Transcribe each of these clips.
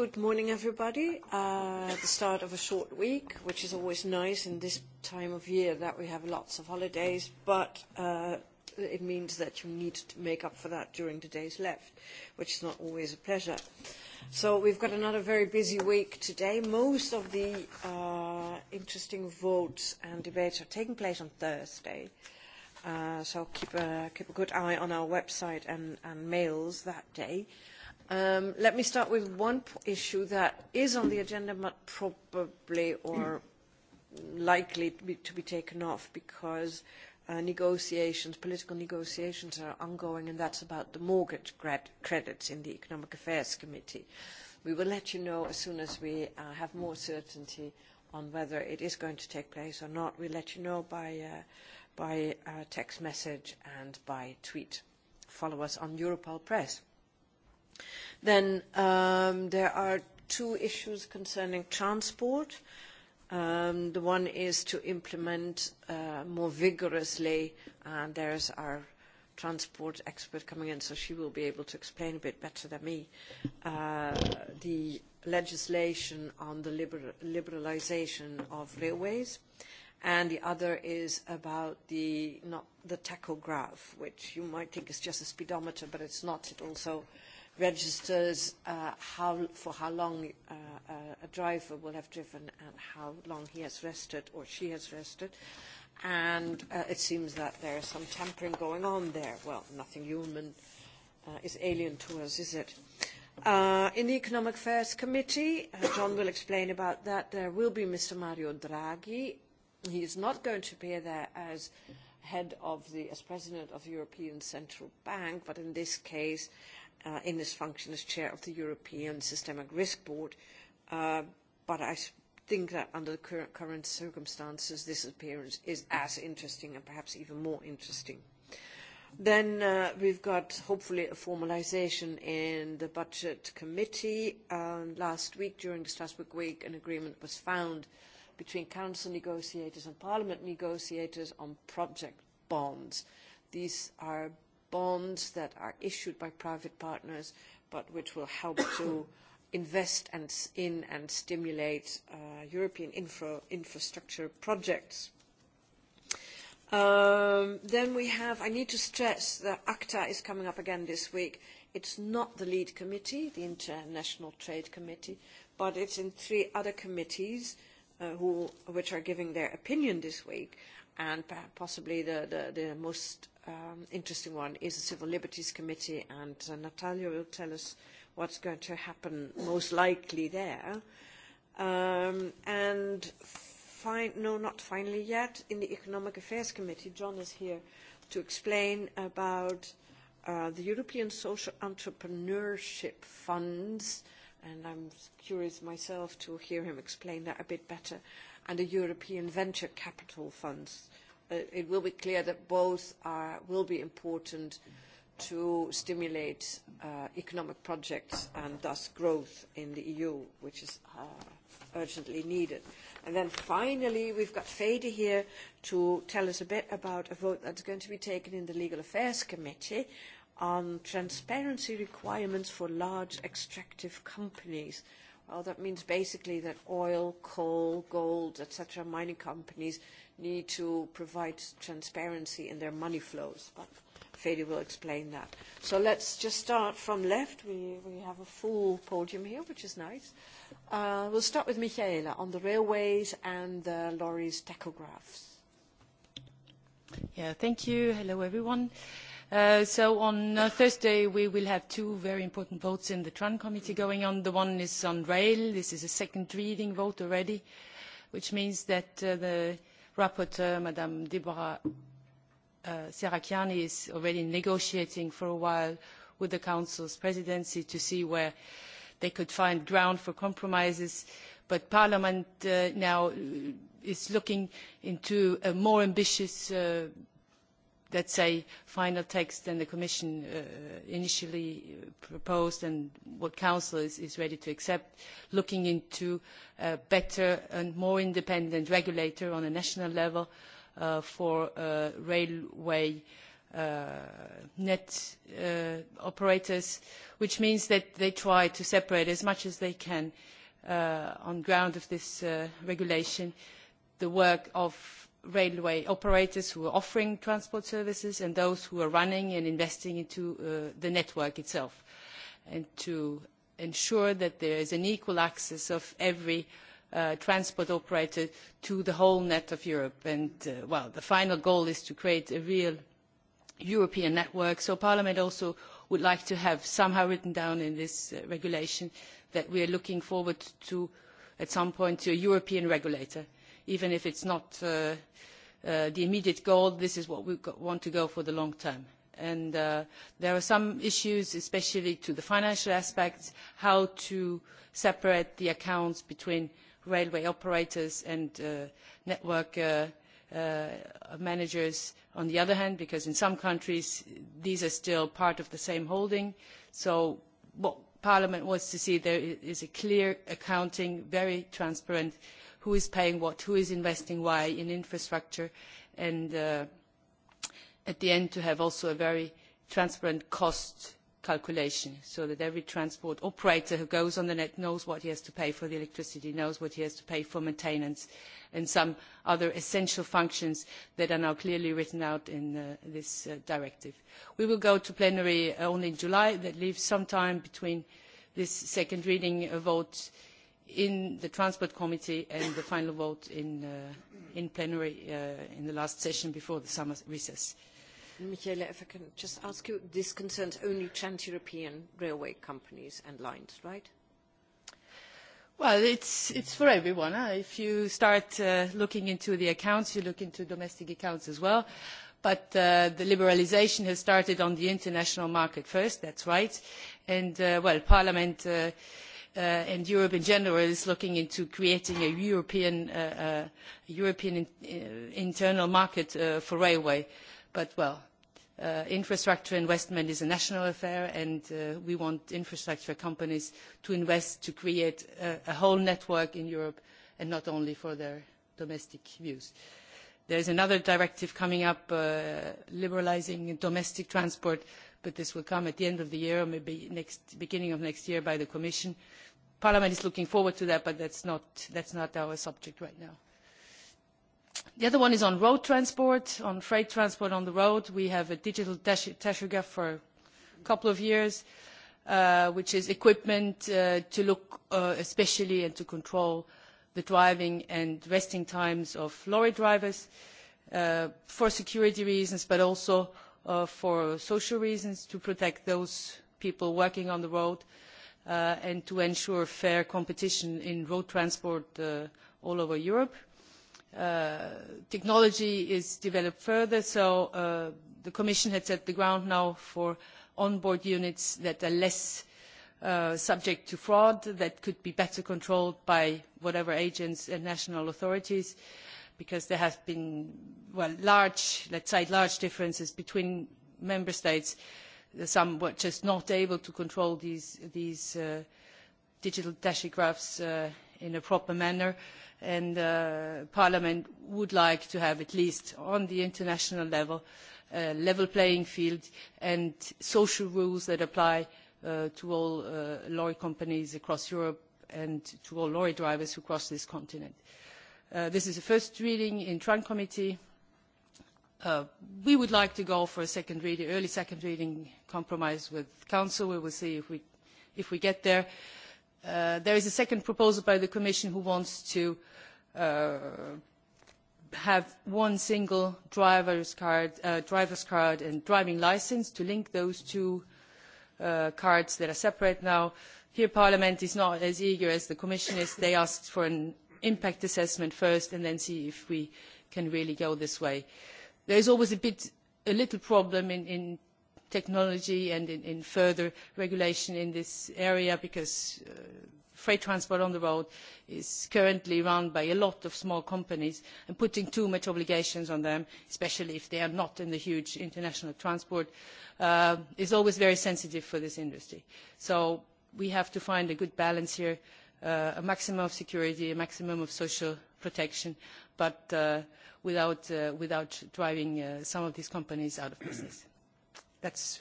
Good morning, everybody. Uh, the start of a short week, which is always nice in this time of year that we have lots of holidays, but uh, it means that you need to make up for that during the days left, which is not always a pleasure. So we've got another very busy week today. Most of the uh, interesting votes and debates are taking place on Thursday. Uh, so keep a, keep a good eye on our website and, and mails that day. Uh, Um, let me start with one issue that is on the agenda, but probably or likely to be, to be taken off because uh, negotiations, political negotiations are ongoing, and that's about the mortgage grad credits in the Economic Affairs Committee. We will let you know as soon as we uh, have more certainty on whether it is going to take place or not. We'll let you know by, uh, by uh, text message and by tweet. Follow us on Europol Press. Then um, there are two issues concerning transport. Um, the one is to implement uh, more vigorously, and there's our transport expert coming in, so she will be able to explain a bit better than me, uh, the legislation on the liber liberalization of railways. And the other is about the, not the tachograph, which you might think is just a speedometer, but it's not. It also uh, registers uh, how, for how long uh, uh, a driver will have driven and how long he has rested or she has rested. And uh, it seems that there is some tampering going on there. Well, nothing human uh, is alien to us, is it? Uh, in the Economic Affairs Committee, uh, John will explain about that, there will be Mr. Mario Draghi. He is not going to be there as head of the, as president of the European Central Bank, but in this case, uh, uh, in his function as chair of the European Systemic Risk Board. Uh, but I think that under the current, current circumstances, this appearance is as interesting and perhaps even more interesting. Then uh, we've got hopefully a formalization in the budget committee. Um, last week during the Strasbourg week, an agreement was found between council negotiators and parliament negotiators on project bonds. These are bonds that are issued by private partners, but which will help to invest and, in and stimulate uh, European infra, infrastructure projects. Um, then we have, I need to stress that ACTA is coming up again this week. It's not the lead committee, the International Trade Committee, but it's in three other committees uh, who, which are giving their opinion this week. And possibly the, the, the most um, interesting one is the Civil Liberties Committee, and uh, Natalia will tell us what's going to happen most likely there. Um, and fin no, not finally yet, in the Economic Affairs Committee, John is here to explain about uh, the European Social Entrepreneurship Funds, and I'm curious myself to hear him explain that a bit better, and the European Venture Capital Funds. Uh, Uh, it will be clear that both are, will be important to stimulate uh, economic projects and thus growth in the EU, which is uh, urgently needed. And then finally, we've got Fede here to tell us a bit about a vote that's going to be taken in the Legal Affairs Committee on transparency requirements for large extractive companies. Uh, Well, that means basically that oil, coal, gold, etc., mining companies need to provide transparency in their money flows. But Fede will explain that. So let's just start from left. We, we have a full podium here, which is nice. Uh, we'll start with Michaela on the railways and the lorries tachographs. Yeah, thank you. Hello, everyone. Uh, Uh, so on uh, Thursday, we will have two very important votes in the TRAN committee going on. The one is on rail. This is a second reading vote already, which means that uh, the rapporteur, Madame Deborah uh, Serracchiani, is already negotiating for a while with the Council's presidency to see where they could find ground for compromises. But Parliament uh, now is looking into a more ambitious uh, let's say, final text than the Commission uh, initially uh, proposed and what Council is, is ready to accept, looking into a better and more independent regulator on a national level uh, for uh, railway uh, net uh, operators, which means that they try to separate as much as they can uh, on ground of this uh, regulation the work of railway operators who are offering transport services and those who are running and investing into uh, the network itself and to ensure that there is an equal access of every uh, transport operator to the whole net of Europe. And, uh, well, the final goal is to create a real European network. So Parliament also would like to have somehow written down in this uh, regulation that we are looking forward to, at some point, to a European regulator uh, even if it's not uh, uh, the immediate goal, this is what we want to go for the long term. And uh, there are some issues, especially to the financial aspects, how to separate the accounts between railway operators and uh, network uh, uh, managers on the other hand, because in some countries these are still part of the same holding. So what Parliament wants to see there is a clear accounting, very transparent uh, who is paying what, who is investing why in infrastructure, and uh, at the end to have also a very transparent cost calculation so that every transport operator who goes on the net knows what he has to pay for the electricity, knows what he has to pay for maintenance and some other essential functions that are now clearly written out in uh, this uh, directive. We will go to plenary only in July. That leaves some time between this second reading vote uh, in the Transport Committee and the final vote in, uh, in plenary uh, in the last session before the summer recess. Michele, if I can just ask you, this concerns only trans-European railway companies and lines, right? Well, it's, it's for everyone. Huh? If you start uh, looking into the accounts, you look into domestic accounts as well. But uh, the liberalisation has started on the international market first, that's right. And, uh, well, Parliament... Uh, uh, and Europe in general is looking into creating a European, uh, uh, European in, uh, internal market uh, for railway. But, well, uh, infrastructure investment is a national affair, and uh, we want infrastructure companies to invest to create a, a whole network in Europe and not only for their domestic use. There is another directive coming up uh, liberalizing domestic transport but this will come at the end of the year or maybe next, beginning of next year by the Commission. Parliament is looking forward to that, but that's not, that's not our subject right now. The other one is on road transport, on freight transport on the road. We have a digital tachograph for a couple of years, uh, which is equipment uh, to look uh, especially and to control the driving and resting times of lorry drivers uh, for security reasons, but also uh, for social reasons, to protect those people working on the road, uh, and to ensure fair competition in road transport uh, all over Europe. Uh, technology is developed further, so uh, the Commission had set the ground now for onboard units that are less uh, subject to fraud, that could be better controlled by whatever agents and national authorities. Uh, because there have been well, large, let's say, large differences between member states. Some were just not able to control these, these uh, digital tachographs uh, in a proper manner, and uh, Parliament would like to have, at least on the international level, a uh, level playing field and social rules that apply uh, to all uh, lorry companies across Europe and to all lorry drivers who cross this continent. Uh, Uh, this is the first reading in Tran Committee. Uh, we would like to go for a second reading, early second reading compromise with Council. We will see if we, if we get there. Uh, there is a second proposal by the Commission who wants to uh, have one single driver's card, uh, driver's card and driving license to link those two uh, cards that are separate now. Here Parliament is not as eager as the Commission is. They asked for an impact assessment first and then see if we can really go this way. There is always a bit, a little problem in, in technology and in, in further regulation in this area because uh, freight transport on the road is currently run by a lot of small companies and putting too much obligations on them, especially if they are not in the huge international transport, uh, is always very sensitive for this industry. So we have to find a good balance here uh, uh, a maximum of security, a maximum of social protection, but uh, without, uh, without driving uh, some of these companies out of business. That's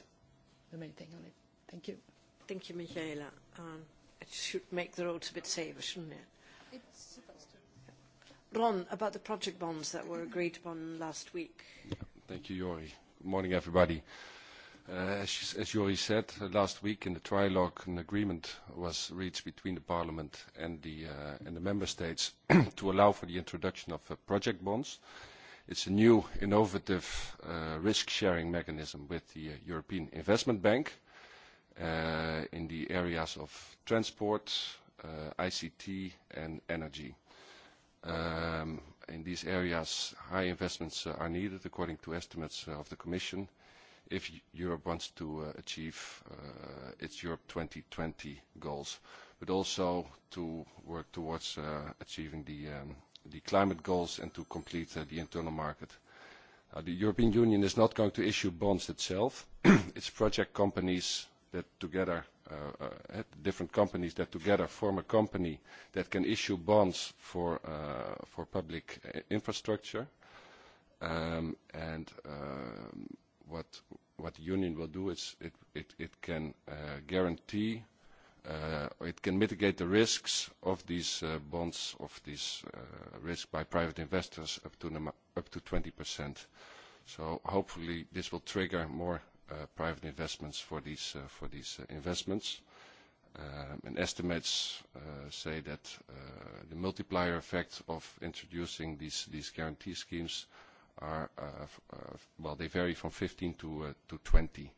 the main thing on it. Thank you. Thank you, Michaela. Um, it should make the roads a bit safer, shouldn't it? It's supposed to. Ron, about the project bonds that were agreed upon last week. Thank you, Yori. Good morning, everybody. Uh, Uh, as, as Jori said, last week in the trilogue, an agreement was reached between the parliament and the, uh, and the member states to allow for the introduction of uh, project bonds. It's a new innovative risk-sharing mechanism with the European Investment Bank in the areas of transport, ICT, and energy. Um, in these areas, high investments are needed according to estimates of the Commission, if Europe wants to uh, achieve uh, its Europe 2020 goals, but also to work towards uh, achieving the, um, the climate goals and to complete uh, the internal market. Uh, the European Union is not going to issue bonds itself. it's project companies that together, uh, uh, different companies that together form a company that can issue bonds for, uh, for public uh, infrastructure. Um, and um, what what the union will do is it it it can uh, guarantee uh, it can mitigate the risks of these uh, bonds of these uh, risks by private investors up to up to 20%. So hopefully this will trigger more uh, private investments for these uh, for these uh, investments. Um, and estimates uh, say that uh, the multiplier effect of introducing these these guarantee schemes uh, are, uh, uh, well, they vary from 15 to, uh, to 20.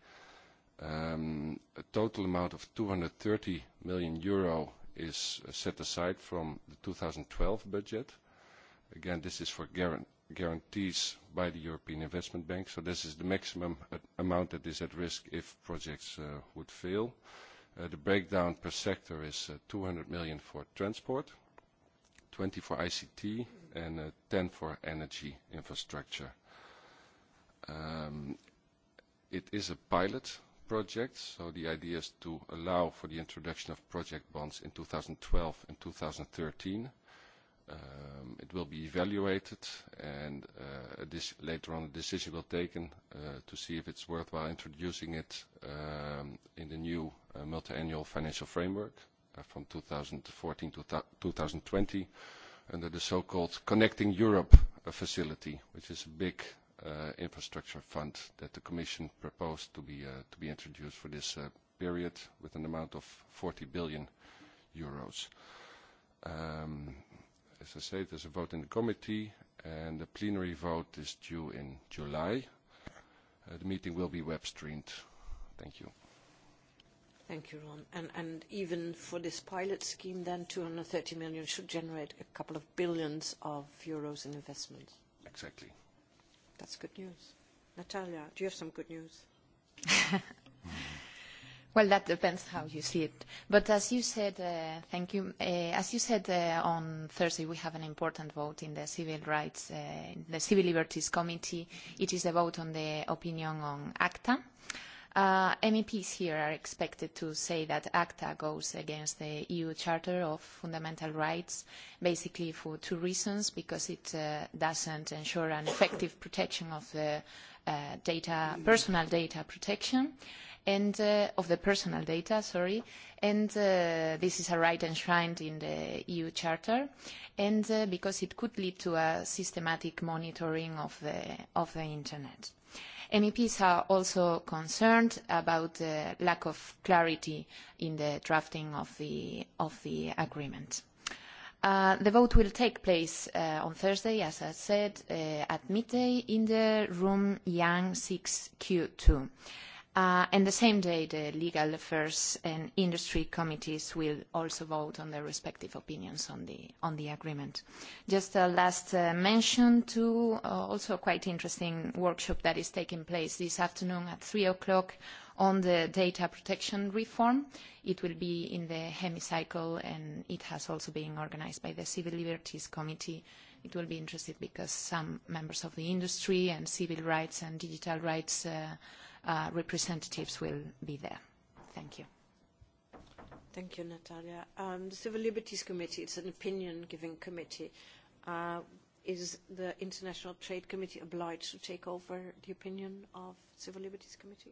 Um, a total amount of 230 million euro is uh, set aside from the 2012 budget. Again, this is for guaran guarantees by the European Investment Bank, so this is the maximum uh, amount that is at risk if projects uh, would fail. The breakdown per sector is 200 million for transport, 20 for ICT, and uh, 10 for energy infrastructure. Um, it is a pilot project, so the idea is to allow for the introduction of project bonds in 2012 and 2013. Um, it will be evaluated, and uh, later on, a decision will be taken uh, to see if it's worthwhile introducing it um, in the new uh, multi-annual financial framework from 2014 to 2020 under the so-called Connecting Europe uh, facility, which is a big uh, infrastructure fund that the Commission proposed to be, uh, to be introduced for this period with an amount of 40 billion euros. Um, as I say, there's a vote in the committee, and the plenary vote is due in July. Uh, the meeting will be web streamed. Thank you. Thank you, Ron. And, and even for this pilot scheme, then 230 million should generate a couple of billions of euros in investments. Exactly. That's good news. Natalia, do you have some good news? Well, that depends how you see it. But as you said, uh, thank you. Uh, as you said, uh, on Thursday, we have an important vote in the Civil Rights, uh, the Civil Liberties Committee. It is a vote on the opinion on ACTA. Uh, MEPs here are expected to say that ACTA goes against the EU Charter of Fundamental Rights, basically for two reasons, because it uh, doesn't ensure an effective protection of the uh, data, personal data protection, and uh, of the personal data, sorry, and uh, this is a right enshrined in the EU Charter, and uh, because it could lead to a systematic monitoring of the, of the Internet. MEPs are also concerned about the lack of clarity in the drafting of the, of the agreement. Uh, the vote will take place uh, on Thursday, as I said, uh, at midday in the room Yang 6Q2. Uh, and the same day, the Legal Affairs and Industry Committees will also vote on their respective opinions on the, on the agreement. Just a last uh, mention to uh, also a quite interesting workshop that is taking place this afternoon at 3 o'clock on the data protection reform. It will be in the hemicycle, and it has also been organized by the Civil Liberties Committee. It will be interesting because some members of the industry and civil rights and digital rights uh, uh, representatives will be there. Thank you. Thank you, Natalia. Um, the Civil Liberties Committee, it's an opinion-giving committee. Uh, is the International Trade Committee obliged to take over the opinion of Civil Liberties Committee?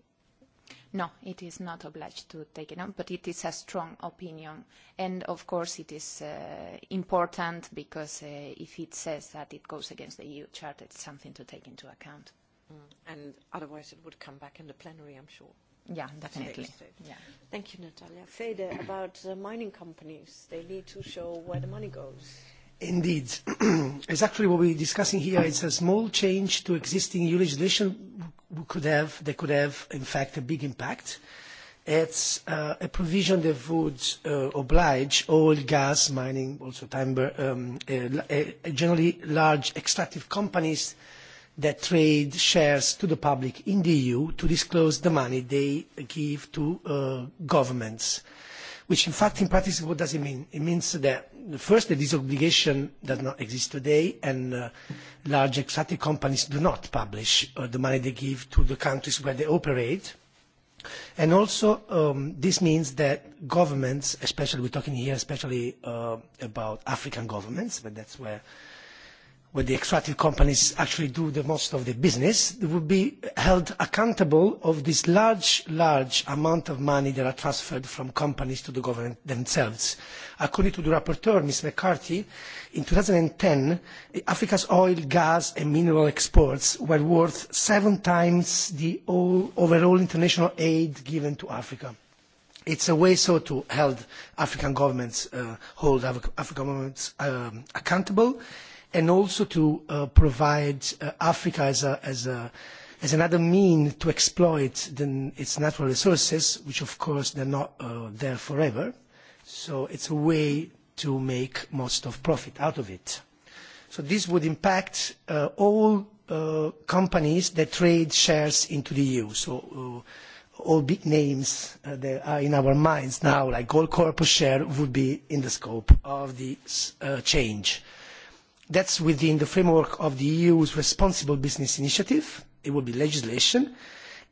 No, it is not obliged to take it on, but it is a strong opinion. And of course it is uh, important because uh, if it says that it goes against the EU Charter, it's something to take into account. Mm. And otherwise, it would come back in the plenary, I'm sure. Yeah, definitely. Safe, safe. Yeah. Thank you, Natalia. Fede, about uh, mining companies, they need to show where the money goes. Indeed. it's actually what we're discussing here. It's a small change to existing EU legislation could have, that could have, in fact, a big impact. It's uh, a provision that would uh, oblige oil, gas, mining, also timber, um, uh, uh, generally large extractive companies uh, that trade shares to the public in the EU to disclose the money they give to uh, governments. Which in fact, in practice, what does it mean? It means that first, that this obligation does not exist today, and uh, large extractive companies do not publish uh, the money they give to the countries where they operate. And also, um, this means that governments, especially we're talking here, especially uh, about African governments, but that's where uh, where the extractive companies actually do the most of the business, they would be held accountable of this large, large amount of money that are transferred from companies to the government themselves. According to the rapporteur, Ms McCarthy, in 2010, Africa's oil, gas and mineral exports were worth seven times the overall international aid given to Africa it's a way so to hold African governments, uh, hold Af African governments um, accountable and also to uh, provide uh, Africa as, a, as, a, as another mean to exploit the, its natural resources, which of course they're not uh, there forever. So it's a way to make most of profit out of it. So this would impact uh, all uh, companies that trade shares into the EU. So uh, all big names uh, that are in our minds now, like Gold Corp share, would be in the scope of this uh, change. Uh, That's within the framework of the EU's Responsible Business Initiative. It will be legislation.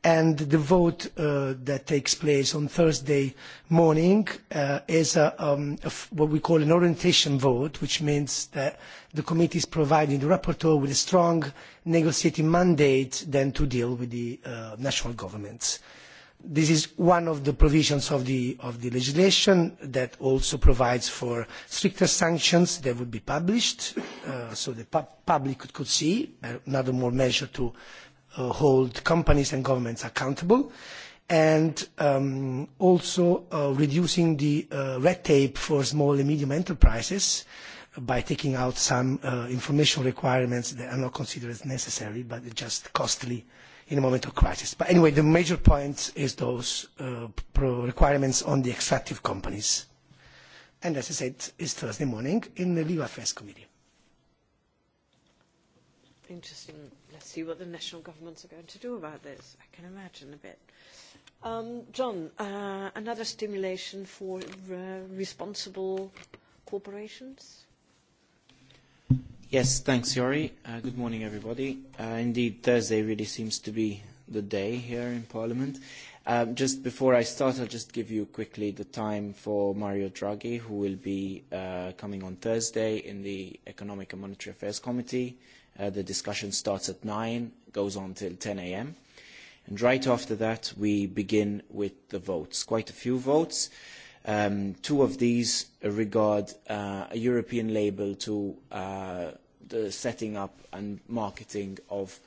And the vote uh, that takes place on Thursday morning uh, is a, um, a f what we call an orientation vote, which means that the committee is providing the rapporteur with a strong negotiating mandate then to deal with the uh, national governments. Uh, this is one of the provisions of the, of the legislation that also provides for stricter sanctions that would be published uh, so the pub public could, could see another more measure to uh, hold companies and governments accountable and um, also uh, reducing the uh, red tape for small and medium enterprises by taking out some uh, information requirements that are not considered necessary but just costly uh, in a moment of crisis. But anyway, the major point is those uh, requirements on the extractive companies. And as I said, it's Thursday morning in the Legal Affairs Committee. Interesting. Let's see what the national governments are going to do about this. I can imagine a bit. Um, John, uh, another stimulation for uh, responsible corporations? Yes, thanks, Yori. Uh, good morning, everybody. Uh, indeed, Thursday really seems to be the day here in Parliament. Um, just before I start, I'll just give you quickly the time for Mario Draghi, who will be uh, coming on Thursday in the Economic and Monetary Affairs Committee. Uh, the discussion starts at 9, goes on till 10 a.m. And right after that, we begin with the votes. Quite a few votes. Uh, Um, two of these regard uh, a European label to uh, the setting up and marketing of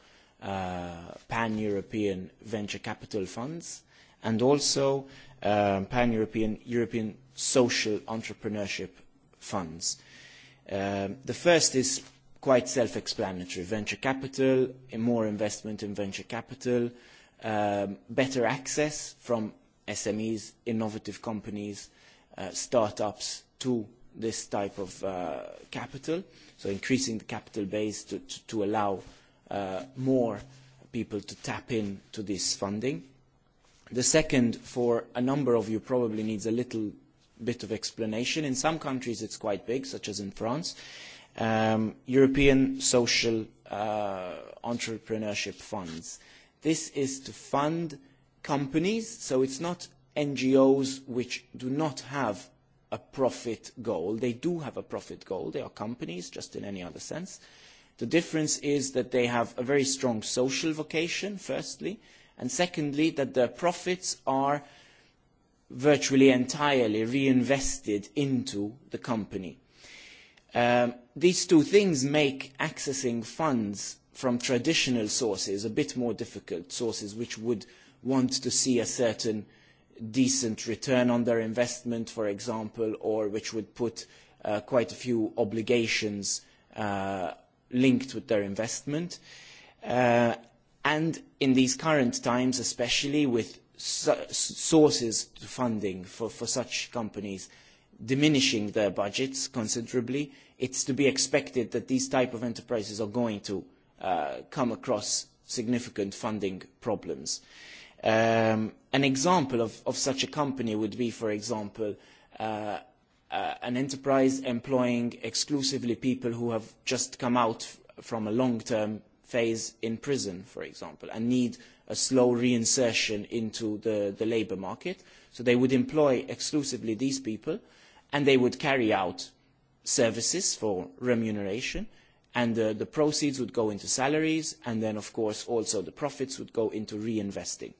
uh, pan-European venture capital funds and also um, pan-European European social entrepreneurship funds. Um, the first is quite self-explanatory. Venture capital, more investment in venture capital, um, better access from SMEs, innovative companies, uh, startups to this type of uh, capital, so increasing the capital base to, to, to allow uh, more people to tap in to this funding. The second, for a number of you, probably needs a little bit of explanation. In some countries it's quite big, such as in France. Um, European Social uh, Entrepreneurship Funds. This is to fund uh, companies, so it's not NGOs which do not have a profit goal. They do have a profit goal. They are companies, just in any other sense. The difference is that they have a very strong social vocation, firstly, and secondly, that their profits are virtually entirely reinvested into the company. Um, these two things make accessing funds from traditional sources a bit more difficult, sources which would uh, want to see a certain decent return on their investment, for example, or which would put uh, quite a few obligations uh, linked with their investment. Uh, and in these current times, especially with sources to funding for, for such companies diminishing their budgets considerably, it's to be expected that these type of enterprises are going to uh, come across significant funding problems. Uh, Um, an example of, of such a company would be, for example, uh, uh, an enterprise employing exclusively people who have just come out from a long-term phase in prison, for example, and need a slow reinsertion into the, the labour market. So they would employ exclusively these people, and they would carry out services for remuneration, and the, the proceeds would go into salaries, and then, of course, also the profits would go into reinvesting.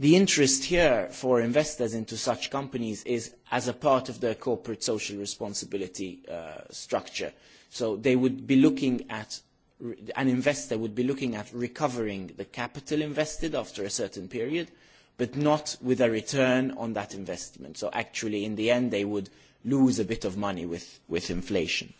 The interest here for investors into such companies is as a part of their corporate social responsibility uh, structure. So they would be looking at an investor would be looking at recovering the capital invested after a certain period, but not with a return on that investment. So actually, in the end, they would lose a bit of money with, with inflation.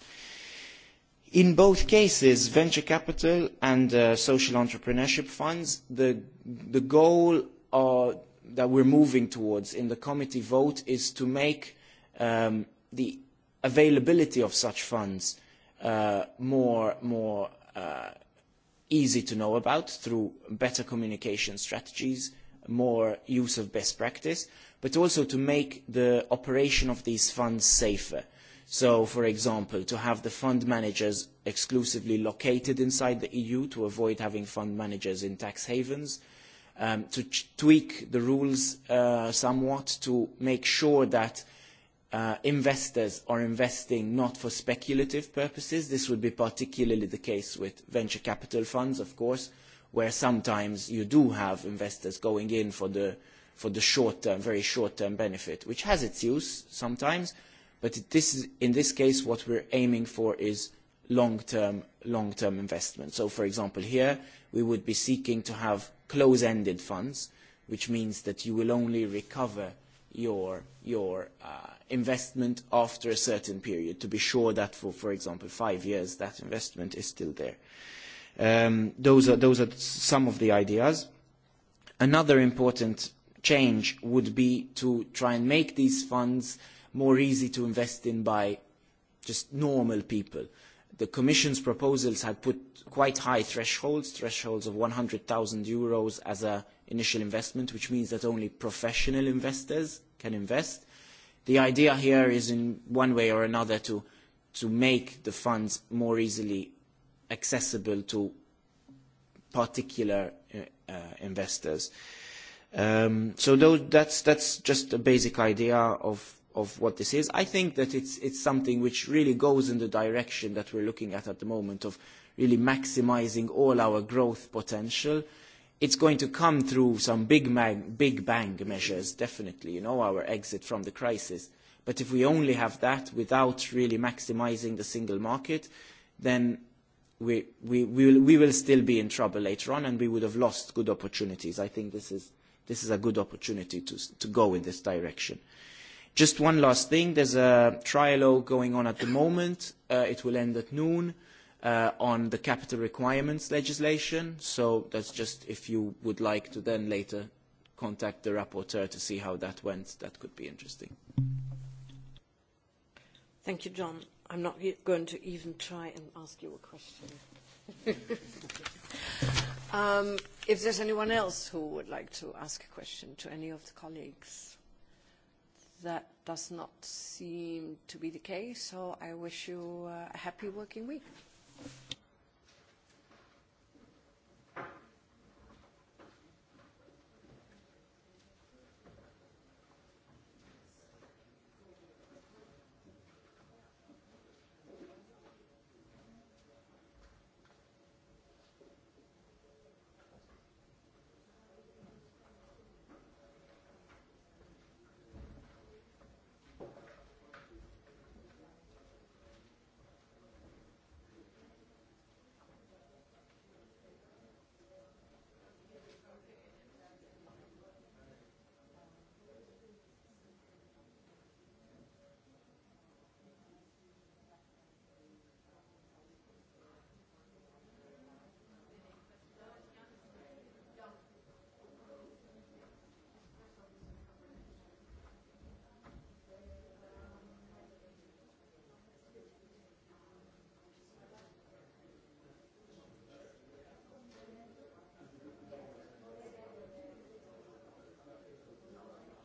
In both cases, venture capital and uh, social entrepreneurship funds, the, the goal are, that we're moving towards in the committee vote is to make um, the availability of such funds uh, more, more uh, easy to know about through better communication strategies, more use of best practice, but also to make the operation of these funds safer. So, for example, to have the fund managers exclusively located inside the EU to avoid having fund managers in tax havens, uh, um, to tweak the rules uh, somewhat to make sure that uh, investors are investing not for speculative purposes. This would be particularly the case with venture capital funds, of course, where sometimes you do have investors going in for the, for the short-term, very short-term benefit, which has its use sometimes, but it, this is, in this case what we're aiming for is long-term long -term investment. So, for example, here we would be seeking to have close-ended funds, which means that you will only recover your, your uh, investment after a certain period to be sure that for, for example, five years that investment is still there. Um, those, are, those are some of the ideas. Another important change would be to try and make these funds more easy to invest in by just normal people. Uh, the Commission's proposals had put quite high thresholds, thresholds of 100,000 euros as an initial investment, which means that only professional investors can invest. The idea here is in one way or another to, to make the funds more easily accessible to particular uh, uh investors. Um, so those, that's, that's just a basic idea of of what this is. I think that it's, it's something which really goes in the direction that we're looking at at the moment of really maximizing all our growth potential. It's going to come through some big, mag, big bang measures, definitely, you know, our exit from the crisis. But if we only have that without really maximizing the single market, then we, we, we, will, we will still be in trouble later on and we would have lost good opportunities. I think this is, this is a good opportunity to, to go in this direction. Uh, Just one last thing. There's a trialogue going on at the moment. Uh, it will end at noon uh, on the capital requirements legislation. So that's just if you would like to then later contact the rapporteur to see how that went. That could be interesting. Thank you, John. I'm not e-, going to even try and ask you a question. um, if there's anyone else who would like to ask a question to any of the colleagues that does not seem to be the case, so I wish you uh, a happy working week.